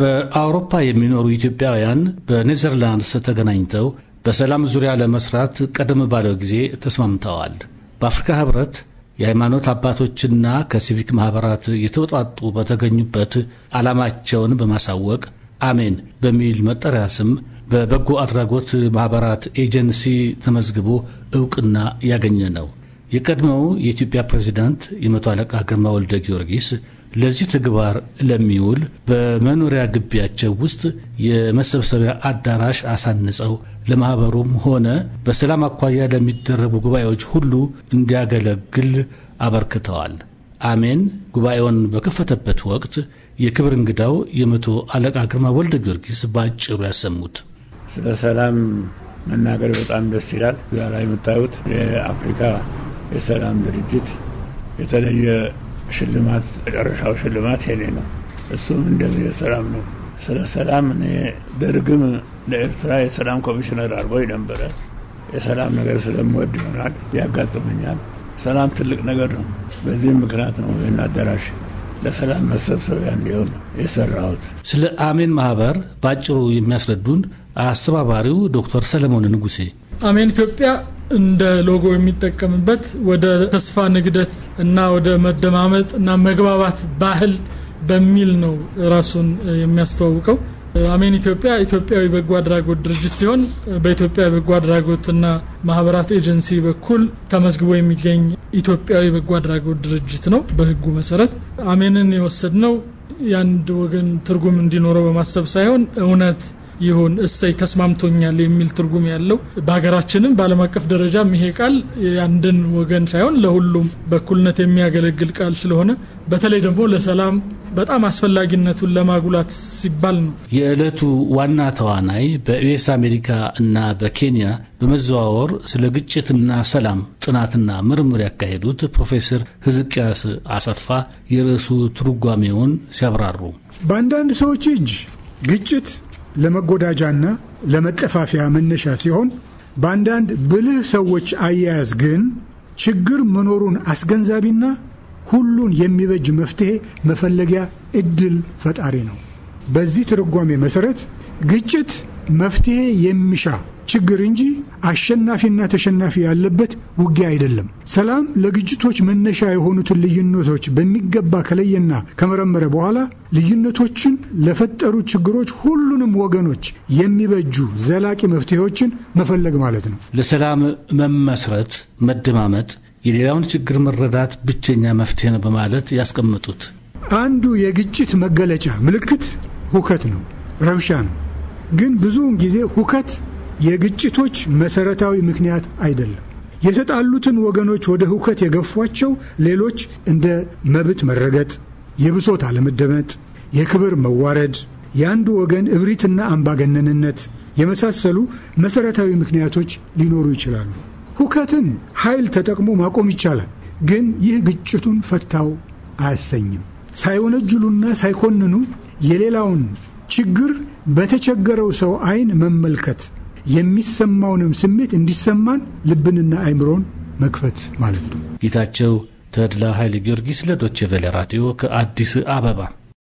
በአውሮፓ የሚኖሩ ኢትዮጵያውያን በኔዘርላንድስ ተገናኝተው በሰላም ዙሪያ ለመስራት ቀደም ባለው ጊዜ ተስማምተዋል። በአፍሪካ ህብረት የሃይማኖት አባቶችና ከሲቪክ ማኅበራት የተወጣጡ በተገኙበት ዓላማቸውን በማሳወቅ አሜን በሚል መጠሪያ ስም በበጎ አድራጎት ማኅበራት ኤጀንሲ ተመዝግቦ ዕውቅና ያገኘ ነው። የቀድሞው የኢትዮጵያ ፕሬዚዳንት የመቶ አለቃ ግርማ ወልደ ጊዮርጊስ ለዚህ ተግባር ለሚውል በመኖሪያ ግቢያቸው ውስጥ የመሰብሰቢያ አዳራሽ አሳንጸው ለማህበሩም ሆነ በሰላም አኳያ ለሚደረጉ ጉባኤዎች ሁሉ እንዲያገለግል አበርክተዋል። አሜን ጉባኤውን በከፈተበት ወቅት የክብር እንግዳው የመቶ አለቃ ግርማ ወልደ ጊዮርጊስ በአጭሩ ያሰሙት ስለ ሰላም መናገር በጣም ደስ ይላል። ዛላ የምታዩት የአፍሪካ የሰላም ድርጅት የተለየ ሽልማት መጨረሻው ሽልማት የኔ ነው። እሱም እንደዚህ የሰላም ነው። ስለ ሰላም እኔ ደርግም ለኤርትራ የሰላም ኮሚሽነር አድርጎኝ ነበረ። የሰላም ነገር ስለምወድ ይሆናል ያጋጥመኛል። ሰላም ትልቅ ነገር ነው። በዚህም ምክንያት ነው ይህን አዳራሽ ለሰላም መሰብሰቢያ እንዲሆን የሰራሁት። ስለ አሜን ማህበር በአጭሩ የሚያስረዱን አስተባባሪው ዶክተር ሰለሞን ንጉሴ አሜን ኢትዮጵያ እንደ ሎጎ የሚጠቀምበት ወደ ተስፋ ንግደት እና ወደ መደማመጥ እና መግባባት ባህል በሚል ነው ራሱን የሚያስተዋውቀው። አሜን ኢትዮጵያ ኢትዮጵያዊ በጎ አድራጎት ድርጅት ሲሆን በኢትዮጵያ በጎ አድራጎትና ማህበራት ኤጀንሲ በኩል ተመዝግቦ የሚገኝ ኢትዮጵያዊ በጎ አድራጎት ድርጅት ነው። በህጉ መሰረት አሜንን የወሰድ ነው የአንድ ወገን ትርጉም እንዲኖረው በማሰብ ሳይሆን እውነት ይሁን እሰይ ተስማምቶኛል የሚል ትርጉም ያለው በሀገራችንም በዓለም አቀፍ ደረጃ ይሄ ቃል አንድን ወገን ሳይሆን ለሁሉም በኩልነት የሚያገለግል ቃል ስለሆነ በተለይ ደግሞ ለሰላም በጣም አስፈላጊነቱን ለማጉላት ሲባል ነው። የዕለቱ ዋና ተዋናይ በዩኤስ አሜሪካ እና በኬንያ በመዘዋወር ስለ ግጭትና ሰላም ጥናትና ምርምር ያካሄዱት ፕሮፌሰር ህዝቅያስ አሰፋ የርዕሱ ትርጓሜውን ሲያብራሩ በአንዳንድ ሰዎች እጅ ግጭት ለመጎዳጃና ለመጠፋፊያ መነሻ ሲሆን በአንዳንድ ብልህ ሰዎች አያያዝ ግን ችግር መኖሩን አስገንዛቢና ሁሉን የሚበጅ መፍትሄ መፈለጊያ እድል ፈጣሪ ነው። በዚህ ትርጓሜ መሰረት ግጭት መፍትሄ የሚሻ ችግር እንጂ አሸናፊና ተሸናፊ ያለበት ውጊያ አይደለም። ሰላም ለግጭቶች መነሻ የሆኑትን ልዩነቶች በሚገባ ከለየና ከመረመረ በኋላ ልዩነቶችን ለፈጠሩ ችግሮች ሁሉንም ወገኖች የሚበጁ ዘላቂ መፍትሄዎችን መፈለግ ማለት ነው። ለሰላም መመስረት፣ መደማመጥ፣ የሌላውን ችግር መረዳት ብቸኛ መፍትሄ ነው በማለት ያስቀመጡት አንዱ የግጭት መገለጫ ምልክት ሁከት ነው፣ ረብሻ ነው። ግን ብዙውን ጊዜ ሁከት የግጭቶች መሰረታዊ ምክንያት አይደለም። የተጣሉትን ወገኖች ወደ ሁከት የገፏቸው ሌሎች እንደ መብት መረገጥ፣ የብሶት አለመደመጥ፣ የክብር መዋረድ፣ የአንዱ ወገን እብሪትና አምባገነንነት የመሳሰሉ መሰረታዊ ምክንያቶች ሊኖሩ ይችላሉ። ሁከትን ኃይል ተጠቅሞ ማቆም ይቻላል፣ ግን ይህ ግጭቱን ፈታው አያሰኝም። ሳይወነጅሉና ሳይኮንኑ የሌላውን ችግር በተቸገረው ሰው ዓይን መመልከት የሚሰማውንም ስሜት እንዲሰማን ልብንና አይምሮን መክፈት ማለት ነው። ጌታቸው ተድላ ኃይለ ጊዮርጊስ ለዶቼ ቬለ ራዲዮ ከአዲስ አበባ